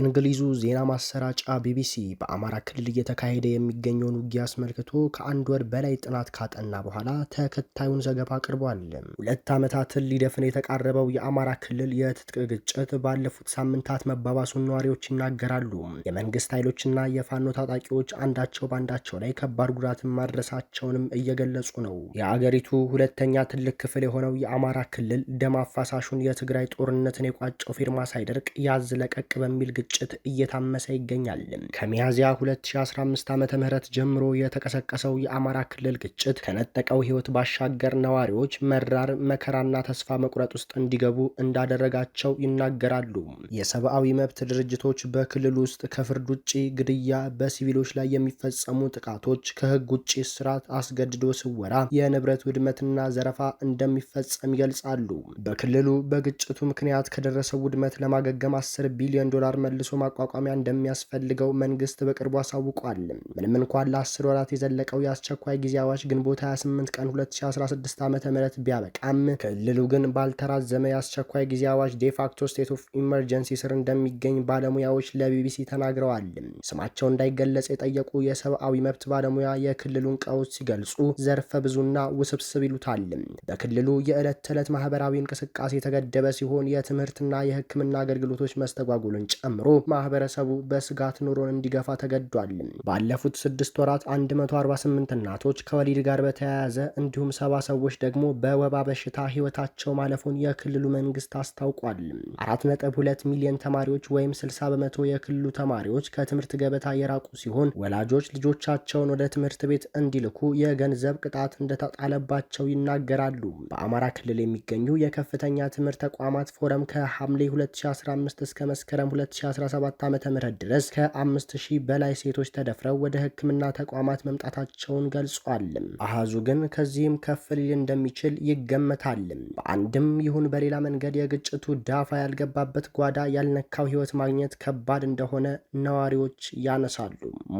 የእንግሊዙ ዜና ማሰራጫ ቢቢሲ በአማራ ክልል እየተካሄደ የሚገኘውን ውጊያ አስመልክቶ ከአንድ ወር በላይ ጥናት ካጠና በኋላ ተከታዩን ዘገባ አቅርቧል። ሁለት ዓመታትን ሊደፍን የተቃረበው የአማራ ክልል የትጥቅ ግጭት ባለፉት ሳምንታት መባባሱን ነዋሪዎች ይናገራሉ። የመንግስት ኃይሎችና የፋኖ ታጣቂዎች አንዳቸው በአንዳቸው ላይ ከባድ ጉዳትን ማድረሳቸውንም እየገለጹ ነው። የአገሪቱ ሁለተኛ ትልቅ ክፍል የሆነው የአማራ ክልል ደም አፋሳሹን የትግራይ ጦርነትን የቋጨው ፊርማ ሳይደርቅ ያዝ ለቀቅ በሚል ግጭት ግጭት እየታመሰ ይገኛል። ከሚያዝያ 2015 ዓ ም ጀምሮ የተቀሰቀሰው የአማራ ክልል ግጭት ከነጠቀው ህይወት ባሻገር ነዋሪዎች መራር መከራና ተስፋ መቁረጥ ውስጥ እንዲገቡ እንዳደረጋቸው ይናገራሉ። የሰብአዊ መብት ድርጅቶች በክልል ውስጥ ከፍርድ ውጭ ግድያ፣ በሲቪሎች ላይ የሚፈጸሙ ጥቃቶች፣ ከህግ ውጭ ስርዓት፣ አስገድዶ ስወራ፣ የንብረት ውድመትና ዘረፋ እንደሚፈጸም ይገልጻሉ። በክልሉ በግጭቱ ምክንያት ከደረሰው ውድመት ለማገገም 10 ቢሊዮን ዶላር መለ መልሶ ማቋቋሚያ እንደሚያስፈልገው መንግስት በቅርቡ አሳውቋል። ምንም እንኳን ለአስር ወራት የዘለቀው የአስቸኳይ ጊዜ አዋጅ ግንቦት 28 ቀን 2016 ዓ ም ቢያበቃም ክልሉ ግን ባልተራዘመ የአስቸኳይ ጊዜ አዋጅ ዴፋክቶ ስቴት ኦፍ ኢመርጀንሲ ስር እንደሚገኝ ባለሙያዎች ለቢቢሲ ተናግረዋል። ስማቸው እንዳይገለጽ የጠየቁ የሰብአዊ መብት ባለሙያ የክልሉን ቀውስ ሲገልጹ ዘርፈ ብዙና ውስብስብ ይሉታል። በክልሉ የዕለት ተዕለት ማህበራዊ እንቅስቃሴ የተገደበ ሲሆን የትምህርትና የሕክምና አገልግሎቶች መስተጓጎልን ጨምሮ ማህበረሰቡ በስጋት ኑሮን እንዲገፋ ተገዷል። ባለፉት ስድስት ወራት 148 እናቶች ከወሊድ ጋር በተያያዘ እንዲሁም ሰባ ሰዎች ደግሞ በወባ በሽታ ህይወታቸው ማለፉን የክልሉ መንግስት አስታውቋል። 4.2 ሚሊዮን ተማሪዎች ወይም 60 በመቶ የክልሉ ተማሪዎች ከትምህርት ገበታ የራቁ ሲሆን ወላጆች ልጆቻቸውን ወደ ትምህርት ቤት እንዲልኩ የገንዘብ ቅጣት እንደተጣለባቸው ይናገራሉ። በአማራ ክልል የሚገኙ የከፍተኛ ትምህርት ተቋማት ፎረም ከሐምሌ 2015 እስከ መስከረም 2015 2017 ዓ ም ድረስ ከአምስት ሺህ በላይ ሴቶች ተደፍረው ወደ ህክምና ተቋማት መምጣታቸውን ገልጿልም። አሃዙ ግን ከዚህም ከፍ ሊል እንደሚችል ይገመታልም። በአንድም ይሁን በሌላ መንገድ የግጭቱ ዳፋ ያልገባበት ጓዳ ያልነካው ህይወት ማግኘት ከባድ እንደሆነ ነዋሪዎች ያነሳሉ።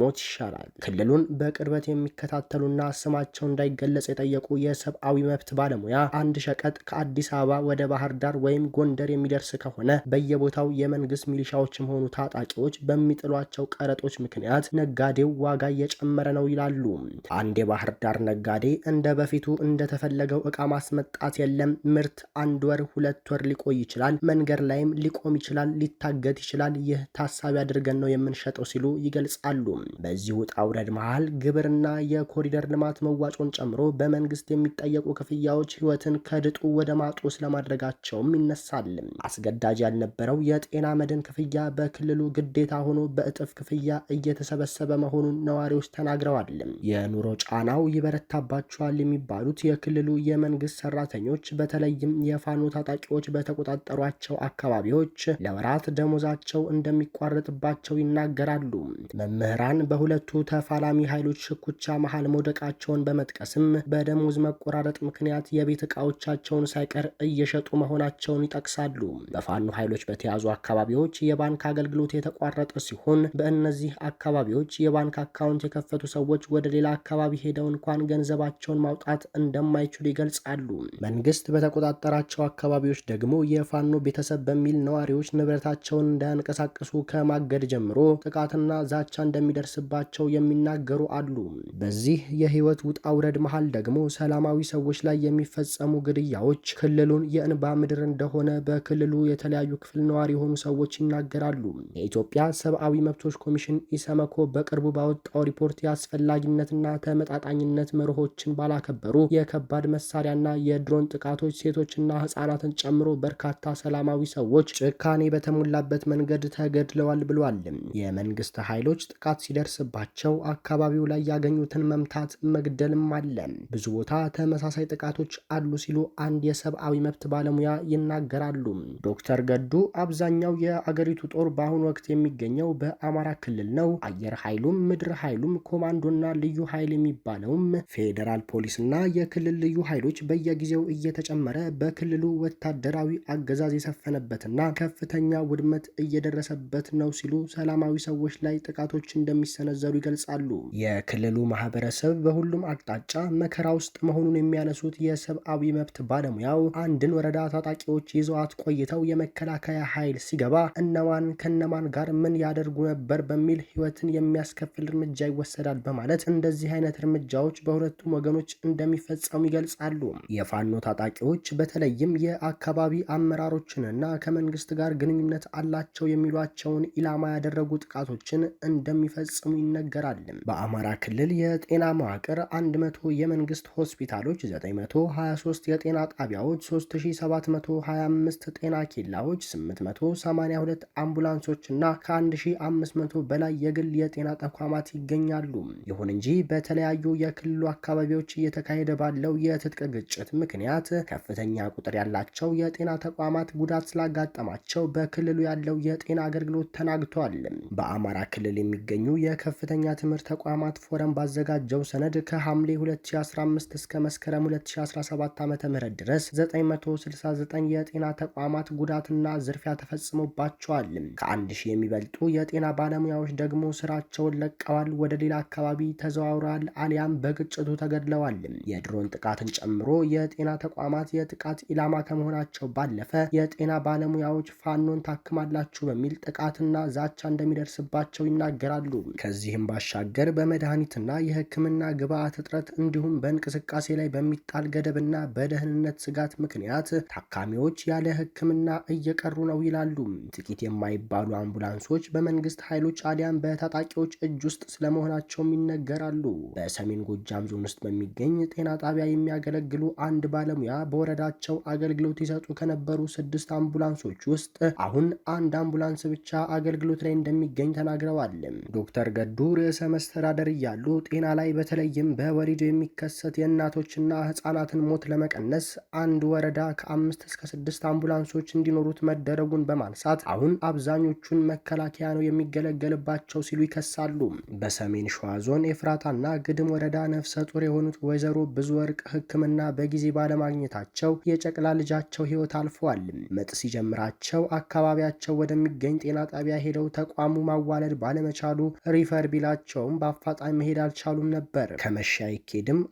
ሞት ይሻላል። ክልሉን በቅርበት የሚከታተሉና ስማቸው እንዳይገለጽ የጠየቁ የሰብአዊ መብት ባለሙያ አንድ ሸቀጥ ከአዲስ አበባ ወደ ባህር ዳር ወይም ጎንደር የሚደርስ ከሆነ በየቦታው የመንግስት ሚሊሻዎችም የሆኑ ታጣቂዎች በሚጥሏቸው ቀረጦች ምክንያት ነጋዴው ዋጋ እየጨመረ ነው ይላሉ። አንድ የባህር ዳር ነጋዴ እንደ በፊቱ እንደተፈለገው እቃ ማስመጣት የለም። ምርት አንድ ወር ሁለት ወር ሊቆይ ይችላል፣ መንገድ ላይም ሊቆም ይችላል፣ ሊታገት ይችላል። ይህ ታሳቢ አድርገን ነው የምንሸጠው ሲሉ ይገልጻሉ። በዚህ ውጣ ውረድ መሃል ግብርና፣ የኮሪደር ልማት መዋጮን ጨምሮ በመንግስት የሚጠየቁ ክፍያዎች ህይወትን ከድጡ ወደ ማጡ ስለማድረጋቸውም ይነሳል። አስገዳጅ ያልነበረው የጤና መድን ክፍያ በክልሉ ግዴታ ሆኖ በእጥፍ ክፍያ እየተሰበሰበ መሆኑን ነዋሪዎች ተናግረዋል። የኑሮ ጫናው ይበረታባቸዋል የሚባሉት የክልሉ የመንግስት ሰራተኞች በተለይም የፋኖ ታጣቂዎች በተቆጣጠሯቸው አካባቢዎች ለወራት ደሞዛቸው እንደሚቋረጥባቸው ይናገራሉ። መምህራን በሁለቱ ተፋላሚ ኃይሎች ሽኩቻ መሃል መውደቃቸውን በመጥቀስም በደሞዝ መቆራረጥ ምክንያት የቤት እቃዎቻቸውን ሳይቀር እየሸጡ መሆናቸውን ይጠቅሳሉ። በፋኖ ኃይሎች በተያዙ አካባቢዎች የባንክ የባንክ አገልግሎት የተቋረጠ ሲሆን በእነዚህ አካባቢዎች የባንክ አካውንት የከፈቱ ሰዎች ወደ ሌላ አካባቢ ሄደው እንኳን ገንዘባቸውን ማውጣት እንደማይችሉ ይገልጻሉ። መንግስት በተቆጣጠራቸው አካባቢዎች ደግሞ የፋኖ ቤተሰብ በሚል ነዋሪዎች ንብረታቸውን እንዳያንቀሳቅሱ ከማገድ ጀምሮ ጥቃትና ዛቻ እንደሚደርስባቸው የሚናገሩ አሉ። በዚህ የህይወት ውጣ ውረድ መሃል ደግሞ ሰላማዊ ሰዎች ላይ የሚፈጸሙ ግድያዎች ክልሉን የእንባ ምድር እንደሆነ በክልሉ የተለያዩ ክፍል ነዋሪ የሆኑ ሰዎች ይናገራሉ። ይጠይቃሉ። የኢትዮጵያ ሰብአዊ መብቶች ኮሚሽን ኢሰመኮ በቅርቡ ባወጣው ሪፖርት የአስፈላጊነትና ተመጣጣኝነት መርሆችን ባላከበሩ የከባድ መሳሪያና የድሮን ጥቃቶች ሴቶችና ህጻናትን ጨምሮ በርካታ ሰላማዊ ሰዎች ጭካኔ በተሞላበት መንገድ ተገድለዋል ብሏል። የመንግስት ኃይሎች ጥቃት ሲደርስባቸው አካባቢው ላይ ያገኙትን መምታት መግደልም አለ። ብዙ ቦታ ተመሳሳይ ጥቃቶች አሉ ሲሉ አንድ የሰብአዊ መብት ባለሙያ ይናገራሉ። ዶክተር ገዱ አብዛኛው የአገሪቱ ጦር በአሁኑ ወቅት የሚገኘው በአማራ ክልል ነው። አየር ኃይሉም ምድር ኃይሉም ኮማንዶና ልዩ ኃይል የሚባለውም ፌዴራል ፖሊስና የክልል ልዩ ኃይሎች በየጊዜው እየተጨመረ በክልሉ ወታደራዊ አገዛዝ የሰፈነበትና ከፍተኛ ውድመት እየደረሰበት ነው ሲሉ ሰላማዊ ሰዎች ላይ ጥቃቶች እንደሚሰነዘሩ ይገልጻሉ። የክልሉ ማህበረሰብ በሁሉም አቅጣጫ መከራ ውስጥ መሆኑን የሚያነሱት የሰብአዊ መብት ባለሙያው አንድን ወረዳ ታጣቂዎች ይዘዋት ቆይተው የመከላከያ ኃይል ሲገባ እነማን ከነማን ጋር ምን ያደርጉ ነበር በሚል ህይወትን የሚያስከፍል እርምጃ ይወሰዳል በማለት እንደዚህ አይነት እርምጃዎች በሁለቱም ወገኖች እንደሚፈጸሙ ይገልጻሉ። የፋኖ ታጣቂዎች በተለይም የአካባቢ አመራሮችንና ከመንግስት ጋር ግንኙነት አላቸው የሚሏቸውን ኢላማ ያደረጉ ጥቃቶችን እንደሚፈጽሙ ይነገራል። በአማራ ክልል የጤና መዋቅር 100 የመንግስት ሆስፒታሎች፣ 923 የጤና ጣቢያዎች፣ 3725 ጤና ኬላዎች፣ 882 አምቡ አምቡላንሶች እና ከ1500 በላይ የግል የጤና ተቋማት ይገኛሉ። ይሁን እንጂ በተለያዩ የክልሉ አካባቢዎች እየተካሄደ ባለው የትጥቅ ግጭት ምክንያት ከፍተኛ ቁጥር ያላቸው የጤና ተቋማት ጉዳት ስላጋጠማቸው በክልሉ ያለው የጤና አገልግሎት ተናግቷል። በአማራ ክልል የሚገኙ የከፍተኛ ትምህርት ተቋማት ፎረም ባዘጋጀው ሰነድ ከሐምሌ 2015 እስከ መስከረም 2017 ዓ.ም ድረስ 969 የጤና ተቋማት ጉዳትና ዝርፊያ ተፈጽሞባቸዋል። ከአንድ ሺህ የሚበልጡ የጤና ባለሙያዎች ደግሞ ስራቸውን ለቀዋል፣ ወደ ሌላ አካባቢ ተዘዋውረዋል፣ አሊያም በግጭቱ ተገድለዋል። የድሮን ጥቃትን ጨምሮ የጤና ተቋማት የጥቃት ኢላማ ከመሆናቸው ባለፈ የጤና ባለሙያዎች ፋኖን ታክማላችሁ በሚል ጥቃትና ዛቻ እንደሚደርስባቸው ይናገራሉ። ከዚህም ባሻገር በመድኃኒትና የሕክምና ግብአት እጥረት እንዲሁም በእንቅስቃሴ ላይ በሚጣል ገደብና በደህንነት ስጋት ምክንያት ታካሚዎች ያለ ሕክምና እየቀሩ ነው ይላሉ። ጥቂት የማይ የሚባሉ አምቡላንሶች በመንግስት ኃይሎች አሊያም በታጣቂዎች እጅ ውስጥ ስለመሆናቸውም ይነገራሉ። በሰሜን ጎጃም ዞን ውስጥ በሚገኝ ጤና ጣቢያ የሚያገለግሉ አንድ ባለሙያ በወረዳቸው አገልግሎት ይሰጡ ከነበሩ ስድስት አምቡላንሶች ውስጥ አሁን አንድ አምቡላንስ ብቻ አገልግሎት ላይ እንደሚገኝ ተናግረዋል። ዶክተር ገዱ ርዕሰ መስተዳደር እያሉ ጤና ላይ በተለይም በወሊድ የሚከሰት የእናቶችና ህጻናትን ሞት ለመቀነስ አንድ ወረዳ ከአምስት እስከ ስድስት አምቡላንሶች እንዲኖሩት መደረጉን በማንሳት አሁን አብ አብዛኞቹን መከላከያ ነው የሚገለገልባቸው ሲሉ ይከሳሉ። በሰሜን ሸዋ ዞን ኤፍራታና ግድም ወረዳ ነፍሰ ጡር የሆኑት ወይዘሮ ብዙ ወርቅ ሕክምና በጊዜ ባለማግኘታቸው የጨቅላ ልጃቸው ሕይወት አልፈዋል። ምጥ ሲጀምራቸው አካባቢያቸው ወደሚገኝ ጤና ጣቢያ ሄደው ተቋሙ ማዋለድ ባለመቻሉ ሪፈር ቢላቸውም በአፋጣኝ መሄድ አልቻሉም ነበር። ከመሻ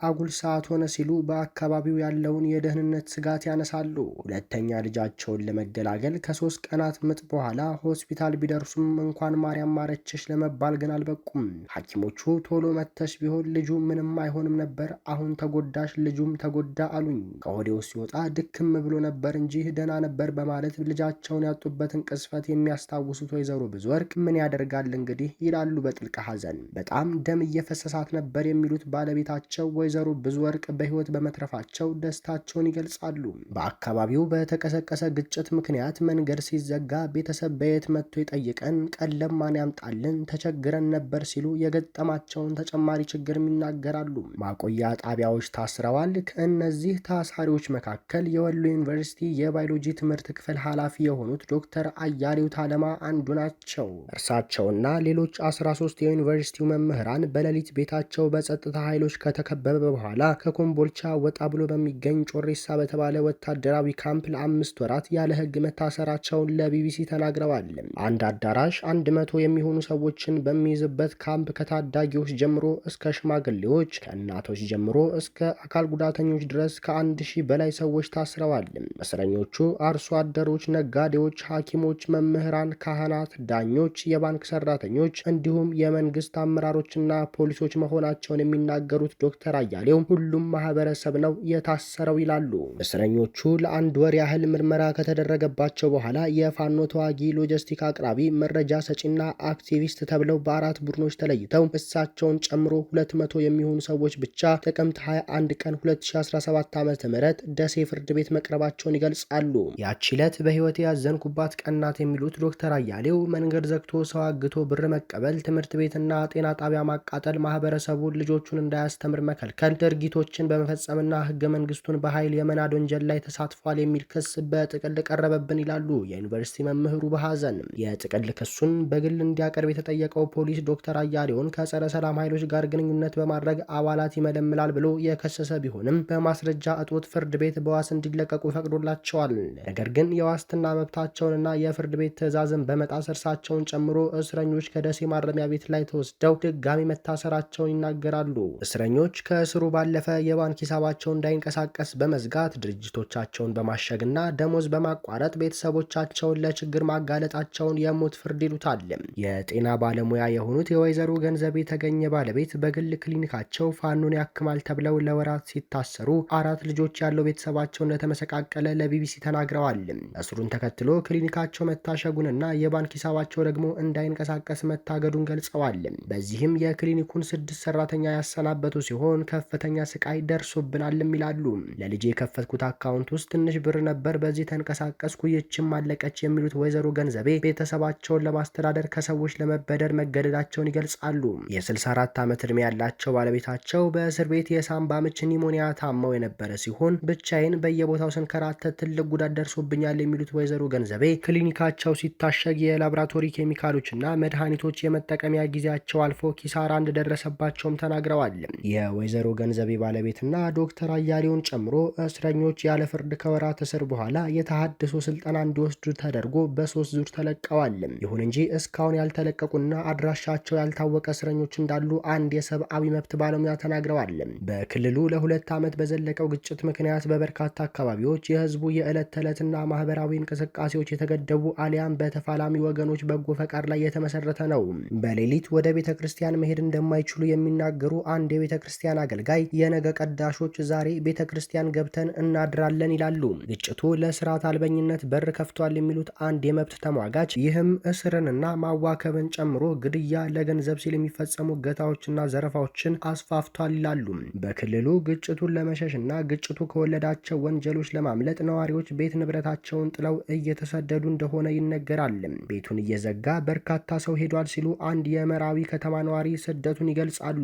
አጉል ሰዓት ሆነ ሲሉ በአካባቢው ያለውን የደህንነት ስጋት ያነሳሉ። ሁለተኛ ልጃቸውን ለመገላገል ከሶስት ቀናት ምጥ በኋላ ሆስፒታል ቢደርሱም እንኳን ማርያም ማረችሽ ለመባል ግን አልበቁም። ሐኪሞቹ ቶሎ መተሽ ቢሆን ልጁ ምንም አይሆንም ነበር፣ አሁን ተጎዳሽ፣ ልጁም ተጎዳ አሉኝ። ከሆዴው ሲወጣ ድክም ብሎ ነበር እንጂ ደህና ነበር በማለት ልጃቸውን ያጡበትን ቅስፈት የሚያስታውሱት ወይዘሮ ብዙ ወርቅ ምን ያደርጋል እንግዲህ ይላሉ በጥልቅ ሐዘን። በጣም ደም እየፈሰሳት ነበር የሚሉት ባለቤታቸው ወይዘሮ ብዙ ወርቅ በህይወት በመትረፋቸው ደስታቸውን ይገልጻሉ። በአካባቢው በተቀሰቀሰ ግጭት ምክንያት መንገድ ሲዘጋ ቤተሰብ ቤት መጥቶ የጠየቀን ቀለማን ያምጣልን ተቸግረን ነበር ሲሉ የገጠማቸውን ተጨማሪ ችግርም ይናገራሉ። ማቆያ ጣቢያዎች ታስረዋል። ከእነዚህ ታሳሪዎች መካከል የወሎ ዩኒቨርሲቲ የባዮሎጂ ትምህርት ክፍል ኃላፊ የሆኑት ዶክተር አያሌው ታለማ አንዱ ናቸው። እርሳቸውና ሌሎች 13 የዩኒቨርሲቲው መምህራን በሌሊት ቤታቸው በጸጥታ ኃይሎች ከተከበበ በኋላ ከኮምቦልቻ ወጣ ብሎ በሚገኝ ጮሬሳ በተባለ ወታደራዊ ካምፕ ለአምስት ወራት ያለ ሕግ መታሰራቸውን ለቢቢሲ ተናግረዋል። ተናግረዋል። አንድ አዳራሽ አንድ መቶ የሚሆኑ ሰዎችን በሚይዝበት ካምፕ ከታዳጊዎች ጀምሮ እስከ ሽማግሌዎች ከእናቶች ጀምሮ እስከ አካል ጉዳተኞች ድረስ ከአንድ ሺህ በላይ ሰዎች ታስረዋል። እስረኞቹ አርሶ አደሮች፣ ነጋዴዎች፣ ሐኪሞች፣ መምህራን፣ ካህናት፣ ዳኞች፣ የባንክ ሰራተኞች እንዲሁም የመንግስት አመራሮችና ፖሊሶች መሆናቸውን የሚናገሩት ዶክተር አያሌው ሁሉም ማህበረሰብ ነው የታሰረው ይላሉ። እስረኞቹ ለአንድ ወር ያህል ምርመራ ከተደረገባቸው በኋላ የፋኖ ተዋጊ የሎጂስቲክ አቅራቢ፣ መረጃ ሰጪና አክቲቪስት ተብለው በአራት ቡድኖች ተለይተው እሳቸውን ጨምሮ 200 የሚሆኑ ሰዎች ብቻ ጥቅምት 21 ቀን 2017 ዓ ም ደሴ ፍርድ ቤት መቅረባቸውን ይገልጻሉ። ያቺ ዕለት በሕይወት ያዘንኩባት ቀናት የሚሉት ዶክተር አያሌው መንገድ ዘግቶ ሰው አግቶ ብር መቀበል፣ ትምህርት ቤትና ጤና ጣቢያ ማቃጠል፣ ማህበረሰቡን ልጆቹን እንዳያስተምር መከልከል፣ ድርጊቶችን በመፈጸምና ህገ መንግስቱን በኃይል የመናድ ወንጀል ላይ ተሳትፏል የሚል ክስ በጥቅል ቀረበብን ይላሉ የዩኒቨርሲቲ መምህሩ ባህ አዘን። የጥቅል ክሱን በግል እንዲያቀርብ የተጠየቀው ፖሊስ ዶክተር አያሌውን ከጸረ ሰላም ኃይሎች ጋር ግንኙነት በማድረግ አባላት ይመለምላል ብሎ የከሰሰ ቢሆንም በማስረጃ እጦት ፍርድ ቤት በዋስ እንዲለቀቁ ፈቅዶላቸዋል። ነገር ግን የዋስትና መብታቸውንና የፍርድ ቤት ትዕዛዝን በመጣስ እርሳቸውን ጨምሮ እስረኞች ከደሴ ማረሚያ ቤት ላይ ተወስደው ድጋሚ መታሰራቸውን ይናገራሉ። እስረኞች ከእስሩ ባለፈ የባንክ ሂሳባቸው እንዳይንቀሳቀስ በመዝጋት ድርጅቶቻቸውን በማሸግና ደሞዝ በማቋረጥ ቤተሰቦቻቸውን ለችግር ማጋለጥ መጋለጣቸውን የሞት ፍርድ ይሉታል። የጤና ባለሙያ የሆኑት የወይዘሮ ገንዘብ የተገኘ ባለቤት በግል ክሊኒካቸው ፋኖን ያክማል ተብለው ለወራት ሲታሰሩ አራት ልጆች ያለው ቤተሰባቸው እንደተመሰቃቀለ ለቢቢሲ ተናግረዋል። እስሩን ተከትሎ ክሊኒካቸው መታሸጉንና የባንክ ሂሳባቸው ደግሞ እንዳይንቀሳቀስ መታገዱን ገልጸዋል። በዚህም የክሊኒኩን ስድስት ሰራተኛ ያሰናበቱ ሲሆን ከፍተኛ ስቃይ ደርሶብናልም ይላሉ። ለልጄ የከፈትኩት አካውንት ውስጥ ትንሽ ብር ነበር፣ በዚህ ተንቀሳቀስኩ፣ ይችም አለቀች የሚሉት ወይዘሮ ገንዘብ ገንዘቤ ቤተሰባቸውን ለማስተዳደር ከሰዎች ለመበደር መገደዳቸውን ይገልጻሉ። የ64 ዓመት ዕድሜ ያላቸው ባለቤታቸው በእስር ቤት የሳምባ ምች ኒሞኒያ ታመው የነበረ ሲሆን ብቻዬን በየቦታው ስንከራተት ትልቅ ጉዳት ደርሶብኛል የሚሉት ወይዘሮ ገንዘቤ ክሊኒካቸው ሲታሸግ የላብራቶሪ ኬሚካሎችና መድኃኒቶች የመጠቀሚያ ጊዜያቸው አልፎ ኪሳራ እንደደረሰባቸውም ተናግረዋል። የወይዘሮ ገንዘቤ ባለቤትና ዶክተር አያሌውን ጨምሮ እስረኞች ያለ ፍርድ ከወራት እስር በኋላ የተሃድሶ ስልጠና እንዲወስዱ ተደርጎ በሶስት ዙር ተለቀዋል። ይሁን እንጂ እስካሁን ያልተለቀቁና አድራሻቸው ያልታወቀ እስረኞች እንዳሉ አንድ የሰብአዊ መብት ባለሙያ ተናግረዋል። በክልሉ ለሁለት ዓመት በዘለቀው ግጭት ምክንያት በበርካታ አካባቢዎች የህዝቡ የዕለት ተዕለትና ማህበራዊ እንቅስቃሴዎች የተገደቡ አሊያም በተፋላሚ ወገኖች በጎ ፈቃድ ላይ የተመሰረተ ነው። በሌሊት ወደ ቤተ ክርስቲያን መሄድ እንደማይችሉ የሚናገሩ አንድ የቤተ ክርስቲያን አገልጋይ የነገ ቀዳሾች ዛሬ ቤተ ክርስቲያን ገብተን እናድራለን ይላሉ። ግጭቱ ለስርዓት አልበኝነት በር ከፍቷል የሚሉት አንድ የመብት ተሟጋች። ይህም እስርንና ማዋከብን ጨምሮ ግድያ፣ ለገንዘብ ሲል የሚፈጸሙ እገታዎችና ዘረፋዎችን አስፋፍቷል ይላሉ። በክልሉ ግጭቱን ለመሸሽና ግጭቱ ከወለዳቸው ወንጀሎች ለማምለጥ ነዋሪዎች ቤት ንብረታቸውን ጥለው እየተሰደዱ እንደሆነ ይነገራል። ቤቱን እየዘጋ በርካታ ሰው ሄዷል ሲሉ አንድ የመራዊ ከተማ ነዋሪ ስደቱን ይገልጻሉ።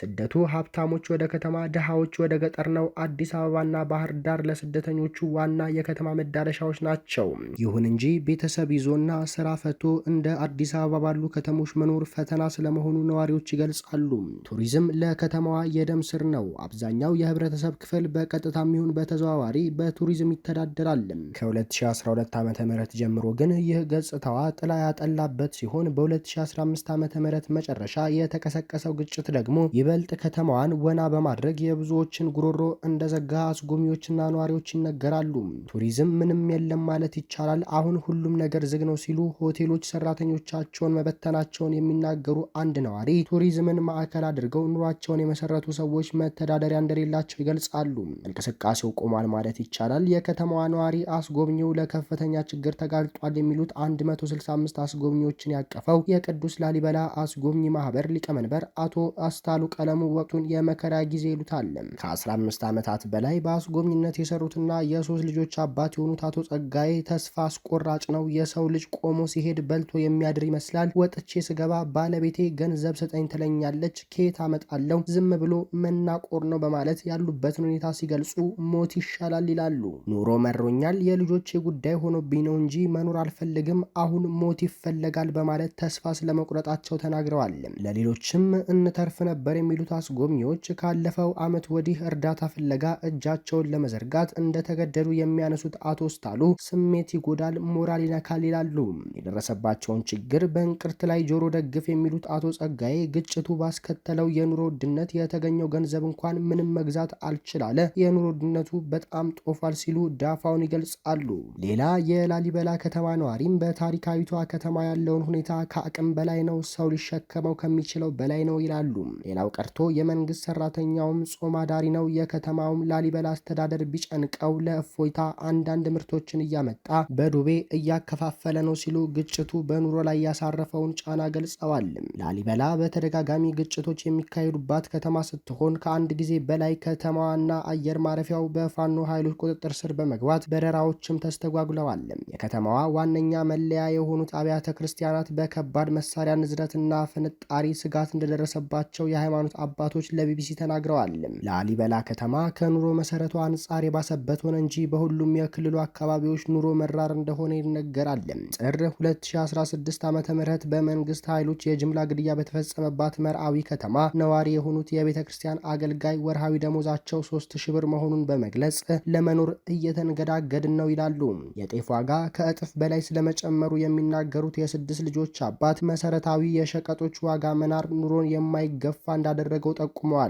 ስደቱ ሀብታሞች ወደ ከተማ፣ ድሃዎች ወደ ገጠር ነው። አዲስ አበባና ባህር ዳር ለስደተኞቹ ዋና የከተማ መዳረሻዎች ናቸው። ይሁን እንጂ ቤተሰብ ይዞ ጎጆና ስራ ፈቶ እንደ አዲስ አበባ ባሉ ከተሞች መኖር ፈተና ስለመሆኑ ነዋሪዎች ይገልጻሉ። ቱሪዝም ለከተማዋ የደም ስር ነው። አብዛኛው የህብረተሰብ ክፍል በቀጥታ የሚሆን በተዘዋዋሪ በቱሪዝም ይተዳደራል። ከ2012 ዓ ም ጀምሮ ግን ይህ ገጽታዋ ጥላ ያጠላበት ሲሆን በ2015 ዓ ም መጨረሻ የተቀሰቀሰው ግጭት ደግሞ ይበልጥ ከተማዋን ወና በማድረግ የብዙዎችን ጉሮሮ እንደዘጋ አስጎብኚዎችና ነዋሪዎች ይነገራሉ። ቱሪዝም ምንም የለም ማለት ይቻላል። አሁን ሁሉም ነገር ዝግ ነው ሲሉ ሆቴሎች ሰራተኞቻቸውን መበተናቸውን የሚናገሩ አንድ ነዋሪ ቱሪዝምን ማዕከል አድርገው ኑሯቸውን የመሰረቱ ሰዎች መተዳደሪያ እንደሌላቸው ይገልጻሉ። እንቅስቃሴው ቆሟል ማለት ይቻላል። የከተማዋ ነዋሪ አስጎብኚው ለከፍተኛ ችግር ተጋልጧል የሚሉት 165 አስጎብኚዎችን ያቀፈው የቅዱስ ላሊበላ አስጎብኚ ማህበር ሊቀመንበር አቶ አስታሉ ቀለሙ ወቅቱን የመከራ ጊዜ ይሉታል። ከ15 ዓመታት በላይ በአስጎብኝነት የሰሩትና የሶስት ልጆች አባት የሆኑት አቶ ጸጋዬ ተስፋ አስቆራጭ ነው የሰው ልጅ ቆሞ ሲሄድ በልቶ የሚያድር ይመስላል። ወጥቼ ስገባ ባለቤቴ ገንዘብ ስጠኝ ትለኛለች፣ ከየት አመጣለሁ? ዝም ብሎ መናቆር ነው በማለት ያሉበትን ሁኔታ ሲገልጹ ሞት ይሻላል ይላሉ። ኑሮ መሮኛል፣ የልጆቼ ጉዳይ ሆኖብኝ ነው እንጂ መኖር አልፈልግም፣ አሁን ሞት ይፈለጋል በማለት ተስፋ ስለመቁረጣቸው ተናግረዋል። ለሌሎችም እንተርፍ ነበር የሚሉት አስጎብኚዎች ካለፈው ዓመት ወዲህ እርዳታ ፍለጋ እጃቸውን ለመዘርጋት እንደተገደዱ የሚያነሱት አቶ ስታሉ ስሜት ይጎዳል፣ ሞራል ይነካል ይላሉ። ይላሉ። የደረሰባቸውን ችግር በእንቅርት ላይ ጆሮ ደግፍ የሚሉት አቶ ጸጋዬ ግጭቱ ባስከተለው የኑሮ ውድነት የተገኘው ገንዘብ እንኳን ምንም መግዛት አልችላለ፣ የኑሮ ውድነቱ በጣም ጦፋል ሲሉ ዳፋውን ይገልጻሉ። ሌላ የላሊበላ ከተማ ነዋሪም በታሪካዊቷ ከተማ ያለውን ሁኔታ ከአቅም በላይ ነው፣ ሰው ሊሸከመው ከሚችለው በላይ ነው ይላሉ። ሌላው ቀርቶ የመንግስት ሰራተኛውም ጾም አዳሪ ነው። የከተማውም ላሊበላ አስተዳደር ቢጨንቀው ለእፎይታ አንዳንድ ምርቶችን እያመጣ በዱቤ እያከፋፈለ እየቀጠለ ነው ሲሉ ግጭቱ በኑሮ ላይ ያሳረፈውን ጫና ገልጸዋል። ላሊበላ በተደጋጋሚ ግጭቶች የሚካሄዱባት ከተማ ስትሆን ከአንድ ጊዜ በላይ ከተማዋና አየር ማረፊያው በፋኖ ኃይሎች ቁጥጥር ስር በመግባት በረራዎችም ተስተጓጉለዋል። የከተማዋ ዋነኛ መለያ የሆኑት አብያተ ክርስቲያናት በከባድ መሳሪያ ንዝረትና ፍንጣሪ ስጋት እንደደረሰባቸው የሃይማኖት አባቶች ለቢቢሲ ተናግረዋል። ላሊበላ ከተማ ከኑሮ መሰረቱ አንጻር የባሰበት ሆነ እንጂ በሁሉም የክልሉ አካባቢዎች ኑሮ መራር እንደሆነ ይነገራል። ጥር 2016 ዓ ም በመንግስት ኃይሎች የጅምላ ግድያ በተፈጸመባት መርአዊ ከተማ ነዋሪ የሆኑት የቤተ ክርስቲያን አገልጋይ ወርሃዊ ደሞዛቸው 3 ሺህ ብር መሆኑን በመግለጽ ለመኖር እየተንገዳገድን ነው ይላሉ። የጤፍ ዋጋ ከእጥፍ በላይ ስለመጨመሩ የሚናገሩት የስድስት ልጆች አባት መሰረታዊ የሸቀጦች ዋጋ መናር ኑሮን የማይገፋ እንዳደረገው ጠቁመዋል።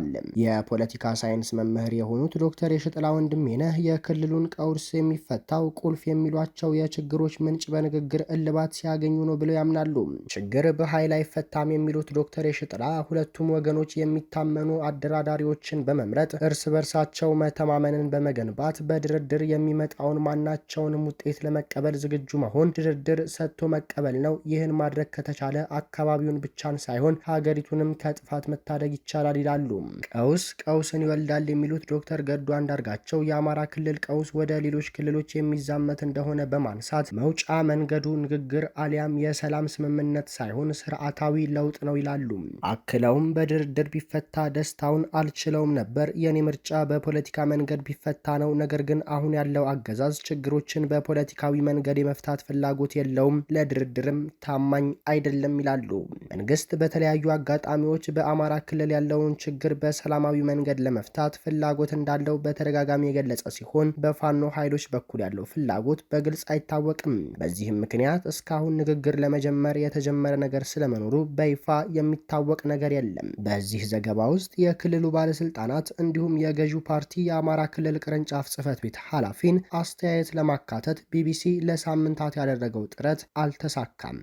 የፖለቲካ ሳይንስ መምህር የሆኑት ዶክተር የሽጥላ ወንድሜነህ የክልሉን ቀውስ የሚፈታው ቁልፍ የሚሏቸው የችግሮች ምንጭ በንግግር ችግር እልባት ሲያገኙ ነው ብለው ያምናሉ። ችግር በኃይል አይፈታም የሚሉት ዶክተር የሽጥላ ሁለቱም ወገኖች የሚታመኑ አደራዳሪዎችን በመምረጥ እርስ በርሳቸው መተማመንን በመገንባት በድርድር የሚመጣውን ማናቸውንም ውጤት ለመቀበል ዝግጁ መሆን ድርድር ሰጥቶ መቀበል ነው። ይህን ማድረግ ከተቻለ አካባቢውን ብቻን ሳይሆን ሀገሪቱንም ከጥፋት መታደግ ይቻላል ይላሉ። ቀውስ ቀውስን ይወልዳል የሚሉት ዶክተር ገዱ አንዳርጋቸው የአማራ ክልል ቀውስ ወደ ሌሎች ክልሎች የሚዛመት እንደሆነ በማንሳት መውጫ መን መንገዱ ንግግር አሊያም የሰላም ስምምነት ሳይሆን ስርዓታዊ ለውጥ ነው ይላሉ። አክለውም በድርድር ቢፈታ ደስታውን አልችለውም ነበር። የኔ ምርጫ በፖለቲካ መንገድ ቢፈታ ነው። ነገር ግን አሁን ያለው አገዛዝ ችግሮችን በፖለቲካዊ መንገድ የመፍታት ፍላጎት የለውም፣ ለድርድርም ታማኝ አይደለም ይላሉ። መንግስት በተለያዩ አጋጣሚዎች በአማራ ክልል ያለውን ችግር በሰላማዊ መንገድ ለመፍታት ፍላጎት እንዳለው በተደጋጋሚ የገለጸ ሲሆን በፋኖ ኃይሎች በኩል ያለው ፍላጎት በግልጽ አይታወቅም። በዚህ በዚህም ምክንያት እስካሁን ንግግር ለመጀመር የተጀመረ ነገር ስለመኖሩ በይፋ የሚታወቅ ነገር የለም። በዚህ ዘገባ ውስጥ የክልሉ ባለስልጣናት እንዲሁም የገዢው ፓርቲ የአማራ ክልል ቅርንጫፍ ጽህፈት ቤት ኃላፊን አስተያየት ለማካተት ቢቢሲ ለሳምንታት ያደረገው ጥረት አልተሳካም።